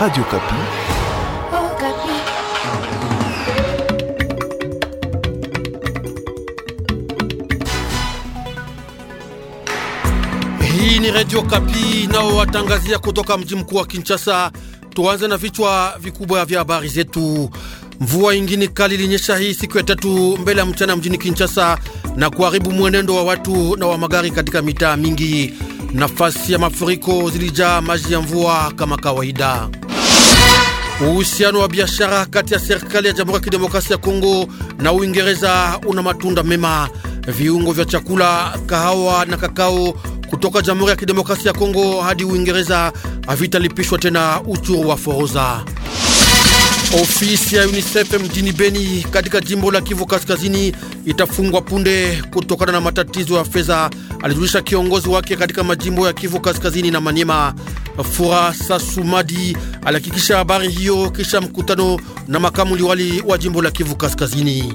Radio Kapi. Oh, Kapi. Hii ni Radio Kapi nao watangazia kutoka mji mkuu wa Kinshasa. Tuanze na vichwa vikubwa vya habari zetu. Mvua ingine kali linyesha hii siku ya tatu mbele ya mchana mjini Kinshasa na kuharibu mwenendo wa watu na wa magari katika mitaa mingi. Nafasi ya mafuriko zilijaa maji ya mvua kama kawaida. Uhusiano wa biashara kati ya serikali ya Jamhuri ya Kidemokrasia ya Kongo na Uingereza una matunda mema. Viungo vya chakula, kahawa na kakao kutoka Jamhuri ya Kidemokrasia ya Kongo hadi Uingereza havitalipishwa tena uchuru wa foroza Ofisi ya UNICEF mjini Beni katika jimbo la Kivu Kaskazini itafungwa punde kutokana na matatizo ya fedha alijulisha kiongozi wake katika majimbo ya Kivu Kaskazini na Manyema. Fura Sasumadi alihakikisha habari hiyo kisha mkutano na makamu liwali wa jimbo la Kivu Kaskazini.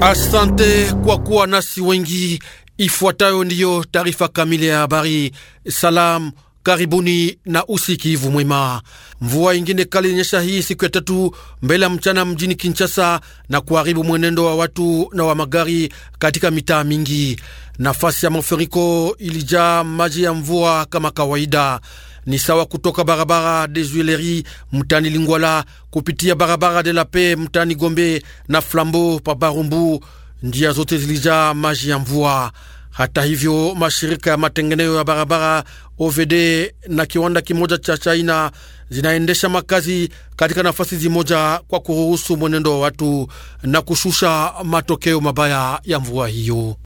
Asante kwa kuwa nasi wengi. Ifuatayo ndiyo taarifa kamili ya habari. Salam Karibuni na usikivu mwema. Mvua ingine kali ilinyesha hii siku ya tatu mbele ya mchana mjini Kinshasa na kuharibu mwenendo wa watu na wa magari katika mitaa mingi. Nafasi ya mafuriko ilijaa maji ya mvua kama kawaida, ni sawa kutoka barabara de Juileri mtani Lingwala kupitia barabara de la Pe mtani Gombe na Flambo pa Barumbu, njia zote zilijaa maji ya mvua. Hata hivyo, mashirika ya matengenezo ya barabara OVD na kiwanda kimoja cha China zinaendesha makazi katika nafasi zimoja kwa kuruhusu mwenendo wa watu na kushusha matokeo mabaya ya mvua hiyo.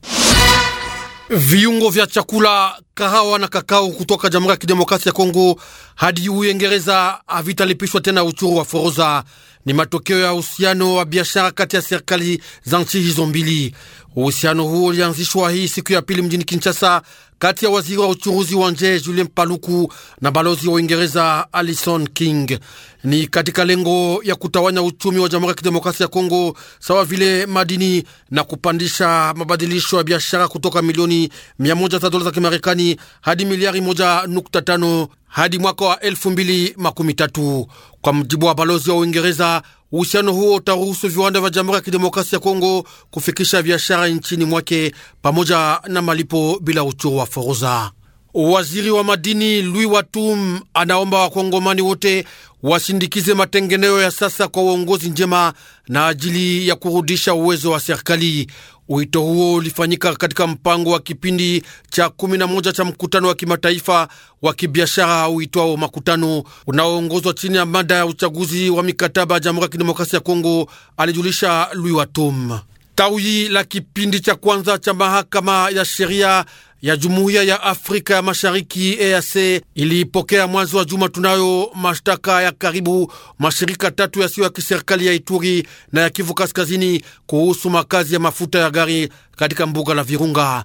Viungo vya chakula, kahawa na kakao kutoka Jamhuri ya Kidemokrasia ya Kongo hadi Uingereza havitalipishwa tena uchuru wa foroza ni matokeo ya uhusiano wa biashara kati ya serikali za nchi hizo mbili. Uhusiano huo ulianzishwa hii siku ya pili mjini Kinshasa kati ya waziri wa uchunguzi wa nje Julien Paluku na balozi wa Uingereza Alison King. Ni katika lengo ya kutawanya uchumi wa Jamhuri ya Kidemokrasia ya Kongo sawa vile madini na kupandisha mabadilisho ya biashara kutoka milioni 100 za dola za Kimarekani hadi miliari 1.5 hadi mwaka wa 2013. Kwa mjibu wa balozi wa Uingereza, uhusiano huo utaruhusu viwanda vya Jamhuri ya Kidemokrasia ya Kongo kufikisha biashara nchini mwake pamoja na malipo bila uchuru wa foruza Waziri wa madini Louis Watum anaomba wakongomani wote washindikize matengeneo ya sasa kwa uongozi njema na ajili ya kurudisha uwezo wa serikali. Wito huo ulifanyika katika mpango wa kipindi cha 11 cha mkutano wa kimataifa wa kibiashara uitwao Makutano, unaoongozwa chini ya mada ya uchaguzi wa mikataba ya Jamhuri ya Kidemokrasia ya Kongo, alijulisha Louis Watum. Tawi la kipindi cha kwanza cha mahakama ya sheria ya Jumuiya ya Afrika ya Mashariki EAC iliipokea mwanzo wa juma tunayo mashtaka ya karibu mashirika tatu yasiyo ya kiserikali ya Ituri na ya Kivu Kaskazini kuhusu makazi ya mafuta ya gari katika mbuga la Virunga.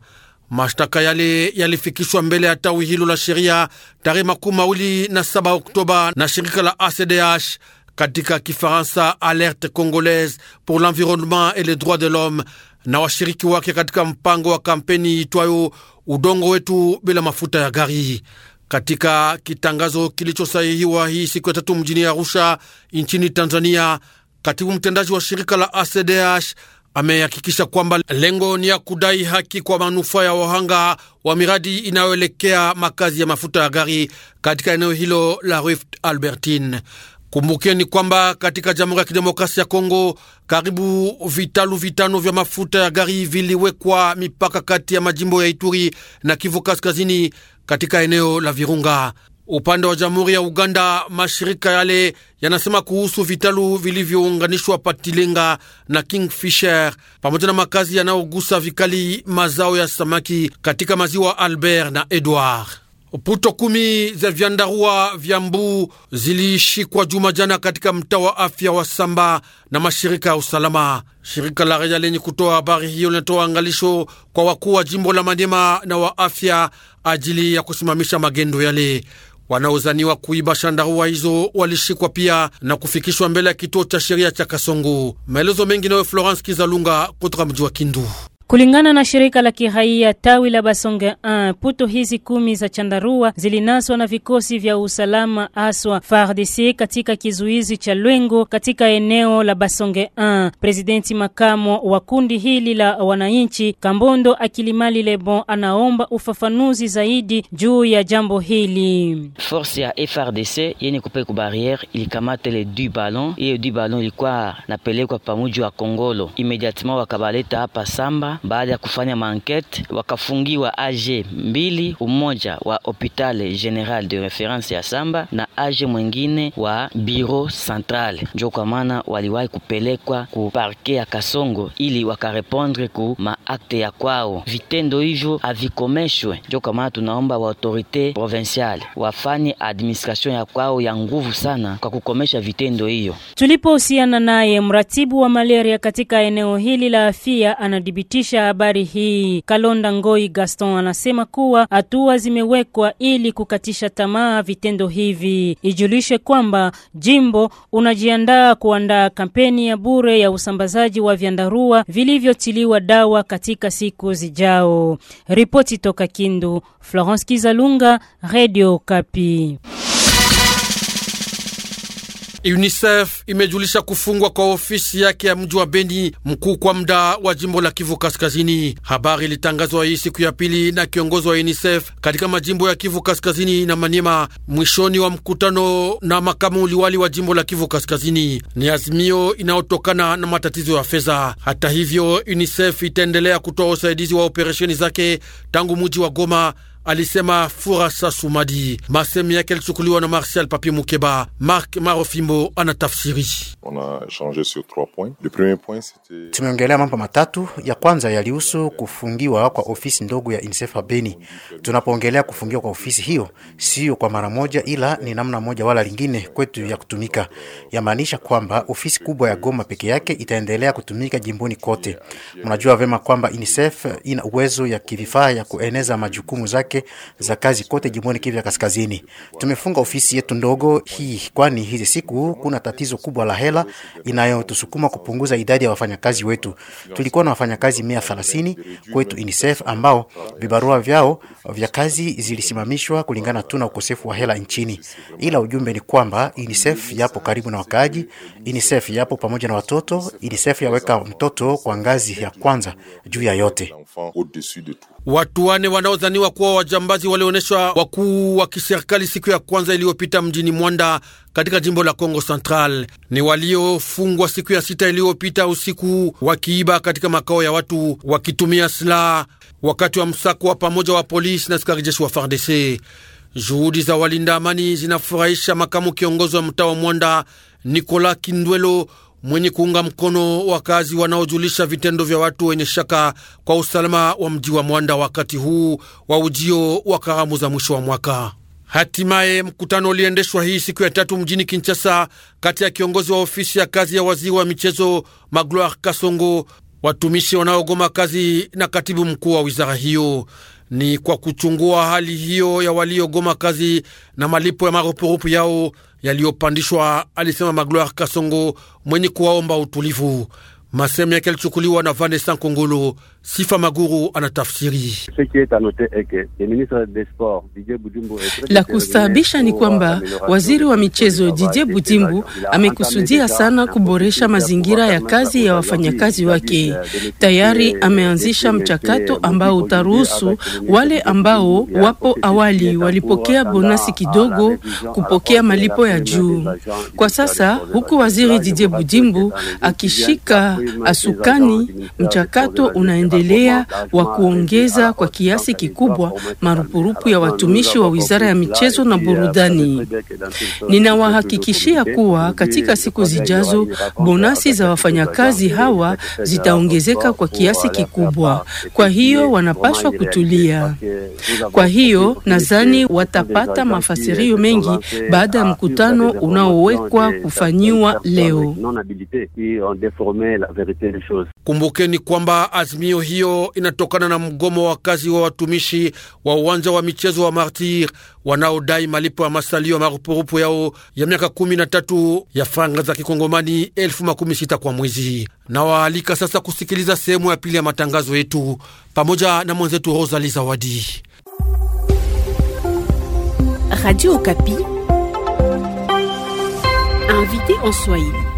Mashtaka yale yalifikishwa mbele ya tawi hilo la sheria tarehe makumi mawili na saba Oktoba na shirika la ACDH katika Kifaransa Alerte Congolaise pour l'environnement et les droits de l'homme na washiriki wake katika mpango wa kampeni itwayo udongo wetu bila mafuta ya gari. Katika kitangazo kilichosahihiwa hii siku ya tatu mjini Arusha nchini Tanzania, katibu mtendaji wa shirika la ACDH amehakikisha kwamba lengo ni ya kudai haki kwa manufaa ya wahanga wa miradi inayoelekea makazi ya mafuta ya gari katika eneo hilo la Rift Albertine. Kumbukeni kwamba katika Jamhuri ya Kidemokrasia ya Kongo karibu vitalu vitano vya mafuta ya gari viliwekwa mipaka kati ya majimbo ya Ituri na Kivu Kaskazini katika eneo la Virunga. Upande wa Jamhuri ya Uganda, mashirika yale yanasema kuhusu vitalu vilivyounganishwa Patilinga na Kingfisher pamoja na makazi yanayogusa vikali mazao ya samaki katika maziwa Albert na Edward. Puto kumi za vyandarua vya mbu zilishikwa juma jana katika mtaa wa afya wa Samba na mashirika ya usalama. Shirika la Reya lenye kutoa habari hiyo linatoa angalisho kwa wakuu wa jimbo la Manyema na wa afya ajili ya kusimamisha magendo yale. Wanaozaniwa kuiba shandarua hizo walishikwa pia na kufikishwa mbele ya kituo cha sheria cha Kasongo. Maelezo mengi nayo Florence Kizalunga kutoka mji wa Kindu. Kulingana na shirika la kiraia tawi la Basonge 1, puto hizi kumi za chandarua zilinaswa na vikosi vya usalama aswa FARDC katika kizuizi cha Lwengo katika eneo la Basonge 1. Presidenti makamo wa kundi hili la wananchi Kambondo Akilimali Lebon anaomba ufafanuzi zaidi juu ya jambo hili. Force ya FARDC yenye kupeku barriere ilikamata le du ballon, ile du ballon ilikuwa napelekwa pamoja wa Kongolo, immediatement wakabaleta hapa Samba baada ya kufanya maankete wakafungiwa AG mbili, umoja wa Hopital General de Reference ya Samba na AG mwingine wa Bureau Central, njo kwa maana waliwahi kupelekwa ku parke ya Kasongo ili wakarepondre ku maakte ya kwao. Vitendo hivyo havikomeshwe, njo kwa maana tunaomba wa autorite provinciale wafanye administration ya kwao ya nguvu sana kwa kukomesha vitendo hiyo. Tulipohusiana naye mratibu wa malaria katika eneo hili la afia anadhibitisha kupitisha habari hii. Kalonda Ngoi Gaston anasema kuwa hatua zimewekwa ili kukatisha tamaa vitendo hivi. Ijulishe kwamba jimbo unajiandaa kuandaa kampeni ya bure ya usambazaji wa vyandarua vilivyotiliwa dawa katika siku zijao. Ripoti toka Kindu, Florence Kizalunga, Radio Kapi. UNICEF imejulisha kufungwa kwa ofisi yake ya mji wa Beni mkuu kwa muda wa jimbo la Kivu Kaskazini. Habari ilitangazwa hii siku ya pili na kiongozi wa UNICEF katika majimbo ya Kivu Kaskazini na Maniema mwishoni wa mkutano na makamu liwali wa jimbo la Kivu Kaskazini. Ni azimio inayotokana na matatizo ya fedha. Hata hivyo, UNICEF itaendelea kutoa usaidizi wa operesheni zake tangu mji wa Goma alisema Furasa Sumadi. Masemi yake alichukuliwa na Martial Papi Mukeba. Mark Marofimbo anatafsiri. Tumeongelea mambo matatu. Ya kwanza yalihusu kufungiwa kwa ofisi ndogo ya Insefa Beni. Tunapoongelea kufungiwa kwa ofisi hiyo, sio kwa mara moja, ila ni namna moja wala lingine kwetu ya kutumika. Yamaanisha kwamba ofisi kubwa ya Goma peke yake itaendelea kutumika jimboni kote. Mnajua vema kwamba Insef ina uwezo ya kivifaa ya kueneza majukumu zake zake za kazi kote jimboni Kivu ya Kaskazini. Tumefunga ofisi yetu ndogo hii, kwani hizi siku kuna tatizo kubwa la hela inayotusukuma kupunguza idadi ya wafanyakazi wetu. Tulikuwa na wafanyakazi mia thelathini kwetu UNICEF ambao vibarua vyao vya kazi zilisimamishwa kulingana tu na ukosefu wa hela nchini, ila ujumbe ni kwamba UNICEF yapo karibu na wakaaji, UNICEF yapo pamoja na watoto, UNICEF yaweka mtoto kwa ngazi ya kwanza juu ya yote. Watu wane wanaozaniwa kuwa wajambazi walionyeshwa wakuu wa kiserikali siku ya kwanza iliyopita mjini Mwanda katika jimbo la congo Central. Ni waliofungwa siku ya sita iliyopita usiku wakiiba katika makao ya watu wakitumia silaha wakati wa msako wa pamoja wa polisi na askari jeshi wa FARDC. Juhudi za walinda amani zinafurahisha makamu kiongozi wa mtaa wa Mwanda nicolas Kindwelo mwenye kuunga mkono wakazi wanaojulisha vitendo vya watu wenye shaka kwa usalama wa mji wa Mwanda wakati huu wa ujio wa karamu za mwisho wa mwaka. Hatimaye mkutano uliendeshwa hii siku ya tatu mjini Kinshasa, kati ya kiongozi wa ofisi ya kazi ya waziri wa michezo Magloire Kasongo, watumishi wanaogoma kazi na katibu mkuu wa wizara hiyo. Ni kwa kuchungua hali hiyo ya waliogoma kazi na malipo ya marupurupu yao yaliyopandishwa, alisema Magloire Kasongo mwenye kuwaomba utulivu. Masemu yake yalichukuliwa na Vanessa Nkongolo Sifa Maguru anatafsiri. La kustaabisha ni kwamba waziri wa michezo Didier Budimbu amekusudia sana kuboresha mazingira ya kazi ya wafanyakazi wake. Tayari ameanzisha mchakato ambao utaruhusu wale ambao wapo awali walipokea bonasi kidogo kupokea malipo ya juu. Kwa sasa, huku waziri Didier Budimbu akishika asukani, mchakato unaendelea unaendelea wa kuongeza kwa kiasi kikubwa marupurupu ya watumishi wa wizara ya michezo na burudani. Ninawahakikishia kuwa katika siku zijazo bonasi za wafanyakazi hawa zitaongezeka kwa kiasi kikubwa, kwa hiyo wanapaswa kutulia. Kwa hiyo nadhani watapata mafasirio mengi baada ya mkutano unaowekwa kufanyiwa leo. Kumbukeni kwamba azimio hiyo inatokana na mgomo wa kazi wa watumishi wa uwanja wa michezo wa Martir wanaodai malipo ya masalio ya marupurupu yao ya miaka kumi na tatu ya franga za kikongomani elfu makumi sita kwa mwezi. Na waalika sasa kusikiliza sehemu ya pili ya matangazo yetu pamoja na mwenzetu Rosali Zawadi. Radio Kapi, invité en Swahili.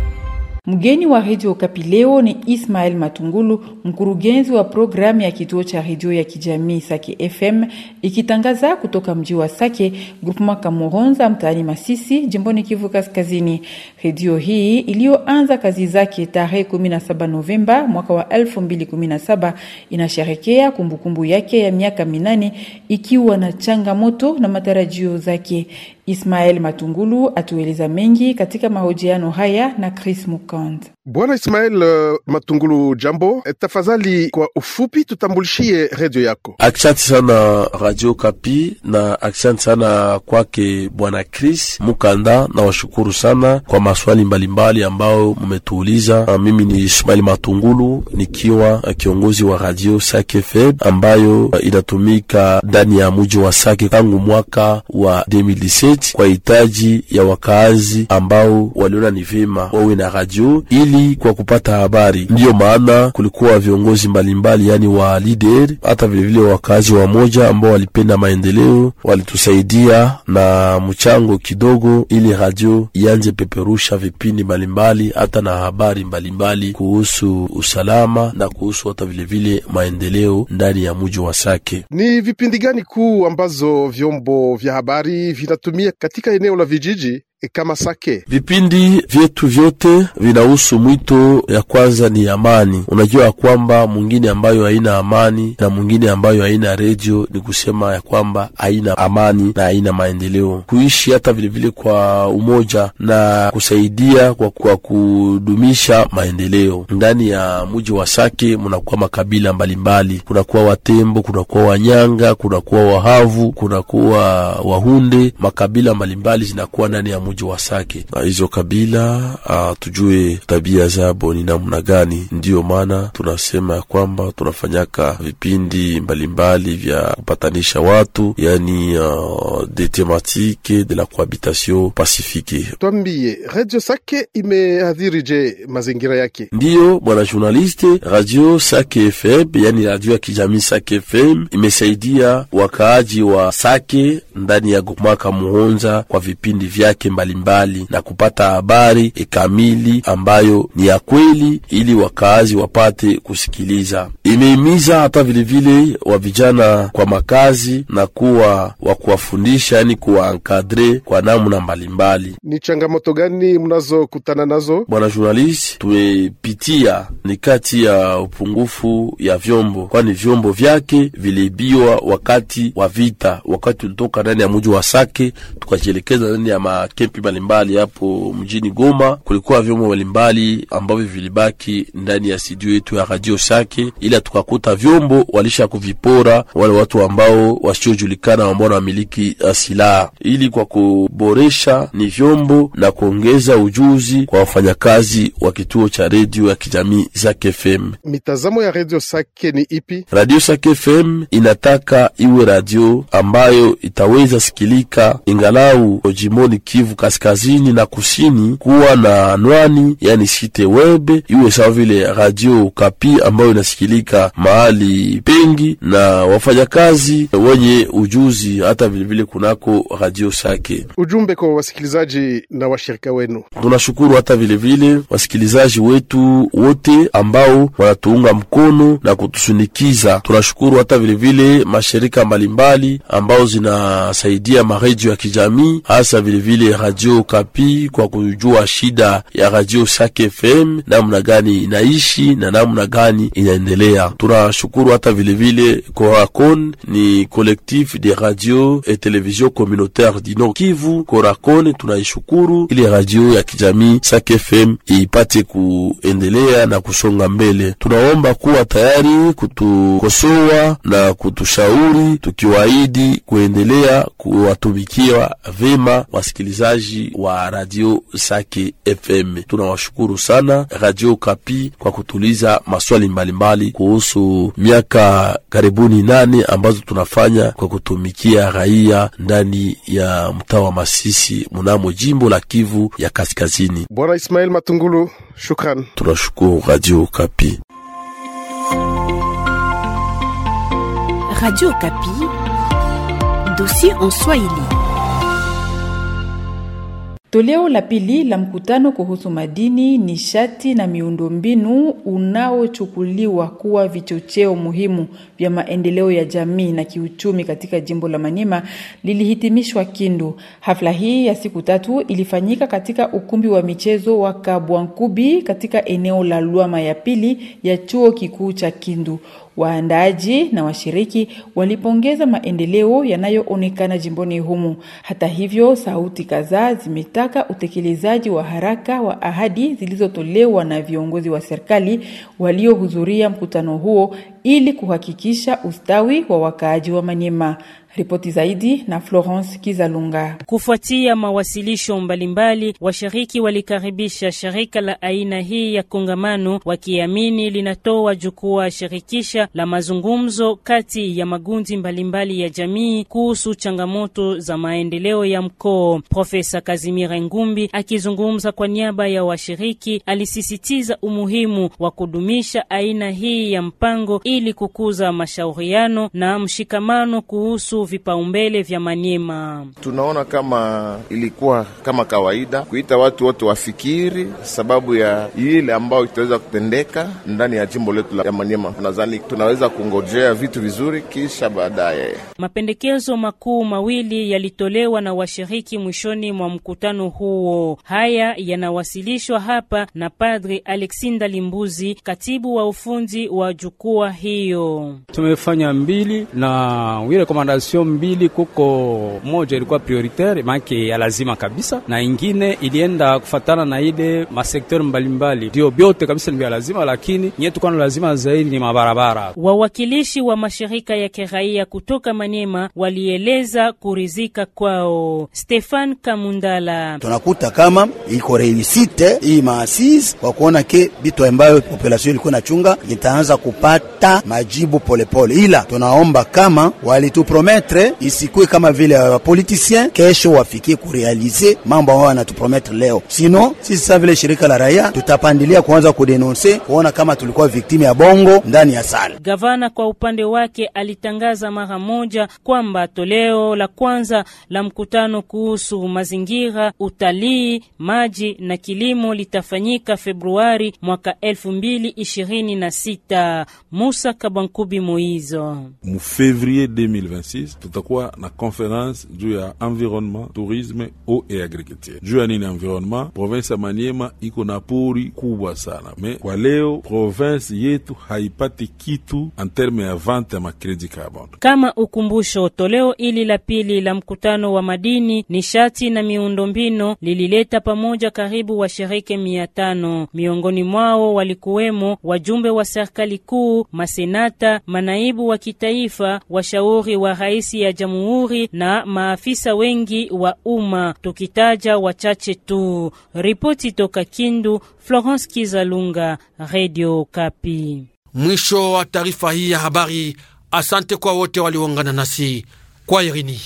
Mgeni wa redio Kapi leo ni Ismael Matungulu, mkurugenzi wa programu ya kituo cha redio ya kijamii Sake FM ikitangaza kutoka mji wa Sake, grupema Kamuronza, mtaani Masisi, jimboni Kivu Kaskazini. Redio hii iliyoanza kazi zake tarehe 17 Novemba mwaka wa 2017 inasherekea kumbukumbu yake ya miaka minane ikiwa na changamoto na matarajio zake. Ismael Matungulu atueleza mengi katika mahojiano haya na Chris Mukand. Bwana Ismael uh, Matungulu, jambo. Eh, tafadhali kwa ufupi tutambulishie redio yako. Aksanti sana Radio Kapi na aksanti sana kwake Bwana Chris Mukanda, na washukuru sana kwa maswali mbalimbali ambayo mmetuuliza. Ah, mimi ni Ismael Matungulu nikiwa eh, kiongozi wa Radio Sake FM ambayo eh, inatumika ndani ya muji wa Sake tangu mwaka wa 2017 kwa hitaji ya wakaazi ambao waliona ni vema wawe na radio ili kweli kwa kupata habari. Ndiyo maana kulikuwa viongozi mbalimbali, yani wa leader, hata vilevile wakazi wa moja ambao walipenda maendeleo, walitusaidia na mchango kidogo, ili radio ianze peperusha vipindi mbalimbali, hata na habari mbalimbali kuhusu usalama na kuhusu hata vilevile maendeleo ndani ya mji wa Sake. Ni vipindi gani kuu ambazo vyombo vya habari vinatumia katika eneo la vijiji? E kama Sake. Vipindi vyetu vyote vinahusu mwito ya kwanza ni amani. Unajua ya kwamba mwingine ambayo haina amani na mwingine ambayo haina redio, ni kusema ya kwamba haina amani na haina maendeleo, kuishi hata vilevile vile kwa umoja na kusaidia kwa, kwa kudumisha maendeleo ndani ya mji wa Sake. Munakuwa makabila mbalimbali, kunakuwa Watembo, kunakuwa Wanyanga, kunakuwa Wahavu, kunakuwa Wahunde, makabila mbalimbali zinakuwa ndani ya mji muji wa Sake na hizo kabila a, ah, tujue tabia zabo ni namna gani. Ndiyo maana tunasema ya kwamba tunafanyaka vipindi mbalimbali mbali vya kupatanisha watu, yani uh, ah, de de la cohabitation pacifique. Twambie Radio Sake imeadhirije mazingira yake? Ndiyo bwana journaliste, Radio Sake FM yani radio ya kijamii Sake FM imesaidia wakaaji wa Sake ndani ya mwaka muonza kwa vipindi vyake mbali mbalimbali na kupata habari e kamili ambayo ni ya kweli, ili wakaazi wapate kusikiliza. Imehimiza hata vilevile wa vijana kwa makazi na kuwa wa kuwafundisha, yani kuwaankadre kwa namna mbalimbali. Ni changamoto gani mnazokutana nazo, bwana journalist? Tumepitia ni kati ya upungufu ya vyombo, kwani vyombo vyake viliibiwa wakati wa vita, wakati tulitoka ndani ya mji wa Sake tukajielekeza ndani ya make kampi mbalimbali hapo mjini Goma. Kulikuwa vyombo mbalimbali ambavyo vilibaki ndani ya studio yetu ya Radio sake ila tukakuta vyombo walisha kuvipora wale watu ambao wasiojulikana ambao wanamiliki uh, silaha. Ili kwa kuboresha ni vyombo na kuongeza ujuzi kwa wafanyakazi wa kituo cha redio ya kijamii Zake FM. Mitazamo ya Radio Sake ni ipi? Radio Sake FM inataka iwe radio ambayo itaweza sikilika ingalau jimoni Kivu kaskazini na kusini kuwa na anwani yani site web iwe sawa vile Radio Kapi ambayo inasikilika mahali pengi na wafanyakazi wenye ujuzi hata vilevile kunako Radio Sake. Ujumbe kwa wasikilizaji na washirika wenu, tunashukuru hata vilevile vile wasikilizaji wetu wote ambao wanatuunga mkono na kutusunikiza. Tunashukuru hata vilevile vile mashirika mbalimbali ambao zinasaidia maredio ya kijamii hasa vilevile Radio Kapi kwa kujua shida ya Radio Shake FM namna gani inaishi na namna gani inaendelea. Tunashukuru hata vilevile Coracon, ni collectif de radio et television communautaire du Nord Kivu. Coracon tunaishukuru ili radio ya kijamii Shake FM ipate kuendelea na kusonga mbele. Tunaomba kuwa tayari kutukosoa na kutushauri, tukiwaahidi kuendelea kuwatumikia vema wasikilizaji wasikilizaji wa radio Sake FM. Tunawashukuru sana Radio Kapi kwa kutuliza maswali mbalimbali mbali kuhusu miaka karibuni nane ambazo tunafanya kwa kutumikia raia ndani ya mtaa wa Masisi mnamo jimbo la Kivu ya Kaskazini. Bwana Ismail Matungulu, shukran. Tunashukuru Radio Kapi. Radio Kapi, dossier en Swahili. Toleo la pili la mkutano kuhusu madini, nishati na miundombinu unaochukuliwa kuwa vichocheo muhimu vya maendeleo ya jamii na kiuchumi katika jimbo la manima lilihitimishwa Kindu. Hafla hii ya siku tatu ilifanyika katika ukumbi wa michezo wa Kabwankubi katika eneo la Lwama ya pili ya chuo kikuu cha Kindu. Waandaaji na washiriki walipongeza maendeleo yanayoonekana jimboni humu. Hata hivyo, sauti kadhaa zimetaka utekelezaji wa haraka wa ahadi zilizotolewa na viongozi wa serikali waliohudhuria mkutano huo ili kuhakikisha ustawi wa wakaaji wa Manyema. Ripoti zaidi na Florence Kizalunga. Kufuatia mawasilisho mbalimbali, washiriki walikaribisha shirika la aina hii ya kongamano, wakiamini linatoa jukwaa shirikisha la mazungumzo kati ya magundi mbalimbali ya jamii kuhusu changamoto za maendeleo ya mkoo. Profesa Kazimira Ngumbi akizungumza kwa niaba ya washiriki alisisitiza umuhimu wa kudumisha aina hii ya mpango ili kukuza mashauriano na mshikamano kuhusu vipaumbele vya Maniema. Tunaona kama ilikuwa kama kawaida kuita watu wote wafikiri sababu ya ile ambayo itaweza kutendeka ndani ya jimbo letu la Maniema. Nadhani tunaweza kungojea vitu vizuri, kisha baadaye. Mapendekezo makuu mawili yalitolewa na washiriki mwishoni mwa mkutano huo. Haya yanawasilishwa hapa na Padri Alexinda Limbuzi, katibu wa ufundi wa jukwaa hiyo. Tumefanya mbili na wile komandasi option mbili, kuko moja ilikuwa prioritaire make ya lazima kabisa, na ingine ilienda kufatana na ile masekter mbalimbali, ndio byote kabisa ndio lazima, lakini nye na lazima zaidi ni mabarabara. Wawakilishi wa mashirika ya kiraia kutoka Manema walieleza kurizika kwao. Stefan Kamundala: tunakuta kama iko reinisite hii maasis kwa kuona ke bitu ambayo population ilikuwa inachunga itaanza kupata majibu polepole pole. Ila tunaomba kama walitupromete promettre isikuwe kama vile wapolitisien, kesho wafikie kurealize mambo ambayo wanatuprometre leo. Sino sisi saa vile shirika la raia tutapandilia kuanza kudenonse, kuona kama tulikuwa victime ya bongo ndani ya sala. Gavana kwa upande wake alitangaza mara moja kwamba toleo la kwanza la mkutano kuhusu mazingira, utalii, maji na kilimo litafanyika Februari mwaka 2026. Musa Kabankubi Moizo mu 2026 Paris tutakuwa na conference juu ya environnement tourisme, eau et agriculture. Juu ya nini environnement Province ya Maniema iko na pori kubwa sana, me kwa leo province yetu haipati kitu en terme ya vente ya makredi carbon. Kama ukumbusho, toleo ili la pili la mkutano wa madini, nishati na miundombinu lilileta pamoja karibu washiriki mia tano. Miongoni mwao walikuwemo wajumbe wa serikali kuu, masenata, manaibu wa kitaifa, washauri wa rais rais ya jamhuri na maafisa wengi wa umma, tukitaja wachache tu. Ripoti toka Kindu, Florence Kizalunga, Radio Kapi. Mwisho wa taarifa hii ya habari. Asante kwa wote waliungana nasi kwa Irini.